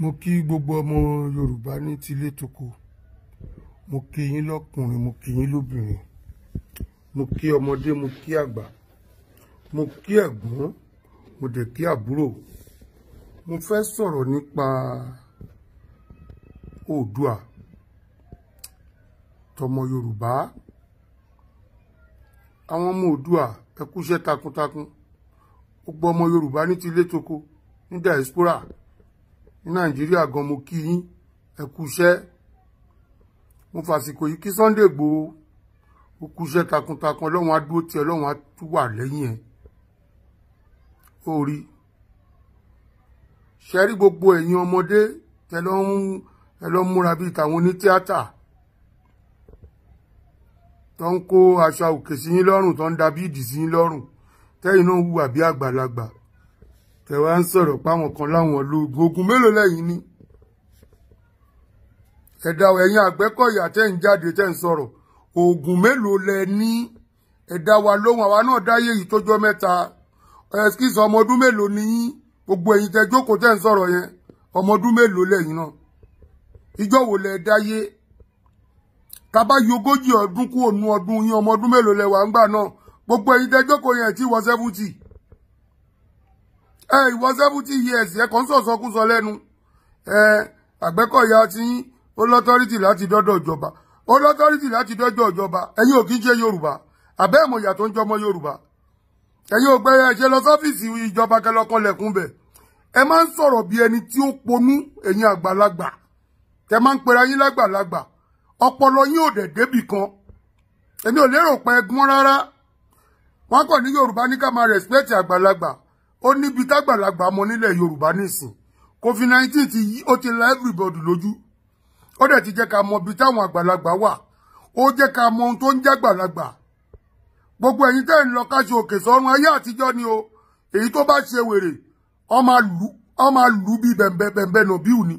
mo kí gbogbo ọmọ yorùbá ní tilé toko mo kí yín lọ́kùnrin mo kí yín lóbìnrin mo kí ọmọdé mo kí àgbà mo kí ẹ̀gbọ́n mo dẹ̀ kí àbúrò mo fẹ́ sọ̀rọ̀ nípa oòdùà tọmọ yorùbá àwọn ọmọ oòdùà ẹkúṣẹ́ takuntakun gbogbo ọmọ yorùbá ní tilé toko ní diaspora ní nàìjíríà gan mo kí yín ẹ kú iṣẹ́ mo fàsìkò yìí kí Sunday Igboho ó kú iṣẹ́ takuntakun ọlọ́run á dúró tiẹ̀ ọlọ́run á tún wà lẹ́yìn ẹ̀ ó rí ṣe rí gbogbo ẹ̀yin ọmọdé tẹ lọ ń ẹ lọ múra bíi tàwọn onítíátà tó ń kó aṣọ òkè sí yín lọ́rùn tó ń da bíìdì sí yín lọ́rùn tẹ́yìn náà hùwà bí àgbàlagbà tẹ wá ń sọ̀rọ̀ páwọn kan láwọn lóògùn ogun mélòó lẹ́yìn ni ẹ̀dá ẹ̀yin àgbẹ́kọ̀yà tẹ́ ń jáde tẹ́ ń sọ̀rọ̀ oògùn mélòó lẹ ní ẹ̀dá wa lóhùn àwa náà dáyé yìí tójọ́ mẹ́ta ẹ̀skísì ọmọ ọdún mélòó ni yín gbogbo ẹ̀yin tẹ́ jókòó tẹ́ ń sọ̀rọ̀ yẹn ọmọ ọdún mélòó lẹ́yìn náà ìjọ wo lẹ dáyé tábà yí ogójì ọdún kú ọdún yín ọmọ ọdún mélòó lẹ wà ń gbà náà gbogbo ẹ̀yin tẹ́ jókòó yẹn ti wọ sẹ́fúntì ẹ ìwọ seventy years ẹ kàn ń sọ̀sọ́kúsọ lẹ́nu ẹ àgbẹ́kọ̀yà tí ó lọ́tọ́rìtì láti dọ́dọ̀ ìjọba ó lọ́tọ́rìtì láti dọ́dọ̀ ìjọba ẹ̀yin ò kí ń ṣe yorùbá àbẹ́ ìmọ̀yà tó ń jọmọ yorùbá ẹ̀yin ò gbẹ́yà ṣe lọ sọ́fíìsì ìjọba kẹlọ́kọlẹ̀kùn bẹ̀ ẹ máa ń sọ̀rọ̀ bí ẹni tí ó ponú ẹ̀yin àgbàlagbà tẹ máa ń pera yín lágbàlagbà ọpọlọ yín ò dẹ̀ débì kan èmi ò lérò pé ẹgbọ́n rárá wọn kàn ní yorùbá ní ká máa rẹ̀spẹ̀tì àgbàlagbà ó níbi tágbàlagbà mọ nílẹ̀ yorùbá nísìn covid nineteen ti yí ó ti la everybody lójú ó dẹ̀ ti jẹ́ ká mọ ibi táwọn àgbàlagbà wà ó jẹ́ ká mọ ohun tó ń jágbàlagbà gbogbo ẹ̀yin tẹ́ ń lọ káṣí òkè sọ́run ayé àtijọ́ ni o èyí tó bá ṣe wèrè ọ máa lù bí bẹ̀m̀bẹ̀ bẹ̀m̀bẹ̀ nà bíù ni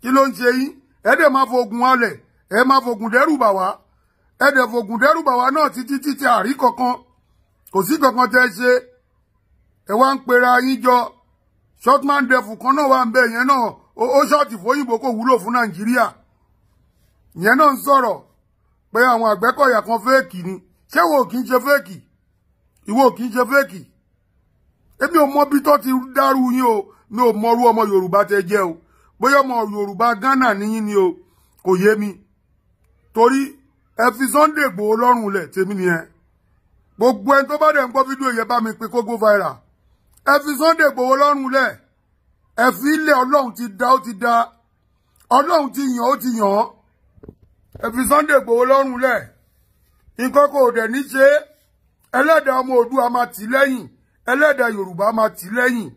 kí ló ń ṣe yín ẹ dẹ̀ máa fogun alẹ̀ ẹ máa fogun dẹ́rù wá ẹ dẹ̀ fogun dẹ́rù wá náà títí títí àrí kankan kò sí kankan tẹ́ ṣe ẹ wá ń pera yín shortman devil kan náà wà ń bẹ yẹn náà ó ṣọ́ọ̀tì fóyìnbó kò wúlò fún nàìjíríà yẹn náà ń sọ̀rọ̀ pé àwọn àgbẹ́kọ̀yà kan fẹ́ẹ̀kì ni ṣé wo kì í ṣe fẹ́ẹ̀kì ìwọ kì í ṣe fẹ́ẹ̀kì èmi ò mọ bí tó ti dárú yín o mi o ò mọrú ọmọ yoruba tẹ je o bóyá ọmọ gana ghana níyín ni o ko ye mi torí ẹ fi Sunday Igboho lọ́rùn lẹ̀ tèmi nìyẹn gbogbo ẹni tó bá dẹ̀ ń gbọ́ fídíò yẹn bá mi pe kó go viral ẹ fi Sunday Igboho lọ́rùn lẹ̀ ẹ fi ilẹ̀ ọlọ́run ti da ó ti da ọlọ́run ti yàn ó ti yàn ẹ fi Sunday Igboho lọ́rùn lẹ̀ nǹkan kò dẹ̀ ní ṣe ẹlẹ́dàá ọmọ Oòduà máa tì lẹ́yìn ẹlẹ́dàá Yorùbá máa tì lẹ́yìn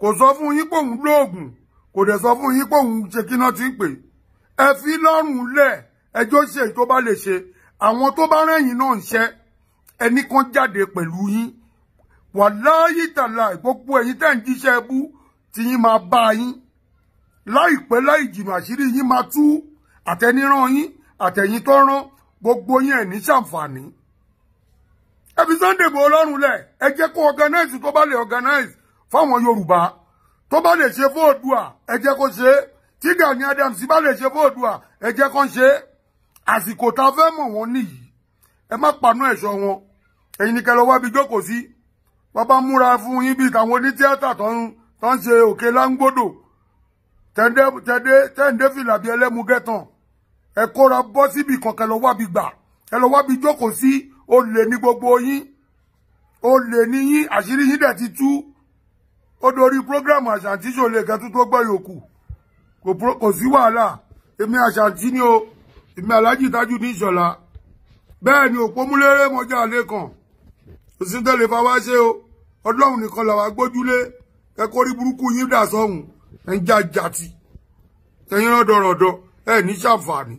kò sọ fún yín pòun lóògùn kò dẹ̀ sọ fún yín pòun ṣe kí ti ń pè ẹ fi lọ́rùn lẹ̀ ẹjọ́ ṣe tó bá lè ṣe àwọn tó bá rẹ̀yìn náà ń ṣe ẹnì kan jáde pẹ̀lú yín wàláyé tàlà gbogbo ẹ̀yin tẹ́ ń jíṣẹ́ ẹbú tí yín máa bá yín láìpẹ́ láì jìnnà àṣírí yín máa tú àtẹnirán yín àtẹ̀yìn tó rán gbogbo yín ẹ̀ ní ṣàǹfààní. ẹ Sunday bò lọ́rùn lẹ̀ ẹ jẹ́ kó organize tó bá lè organize fáwọn Yorùbá tó bá lè ṣe fóòdùà ẹ jẹ́ kó ṣe é tí Gani Adams bá lè ṣe fóòdùà ẹ jẹ́ kó ṣe é àsìkò tá a fẹ́ mọ̀ wọ́n nìyí ẹ má panú ẹ̀ṣọ́ wọn ẹ̀yin ni kẹ́ wá bí jókòó sí bàbá múra fún yín bíi tàwọn onítìátà tó ń tó ń ṣe òkè láńgbòdò tẹ̀dé tẹ̀dé tẹ̀dé fìlà bíi ẹlẹ́mu gẹ́tàn ẹ kóra bọ́ síbi kankan lọ wábi gbà ẹ lọ wábi jókòó sí olè ní gbogbo yín olè ní yín àṣírí yín dẹ̀ ti tú ó dorí prógrámù àṣàǹtí ṣòlè kẹtù tó gbọ́ yòókù kò sí wàhálà èmi àṣàǹtí ni o èmi aláàjì tájú ní ìṣọ̀lá bẹ́ẹ̀ ni òpómúlérè mọ́jà lẹ́kàn òsíntẹ́lẹ̀ fáwá ṣe o ọlọ́run nìkan làwa gbójúlé ẹ kó rí burúkú yín dà sọ́hùn ẹ ń já jàtì ẹ̀yin rán dọ̀rọ̀dọ̀ ẹ ní ṣàǹfààní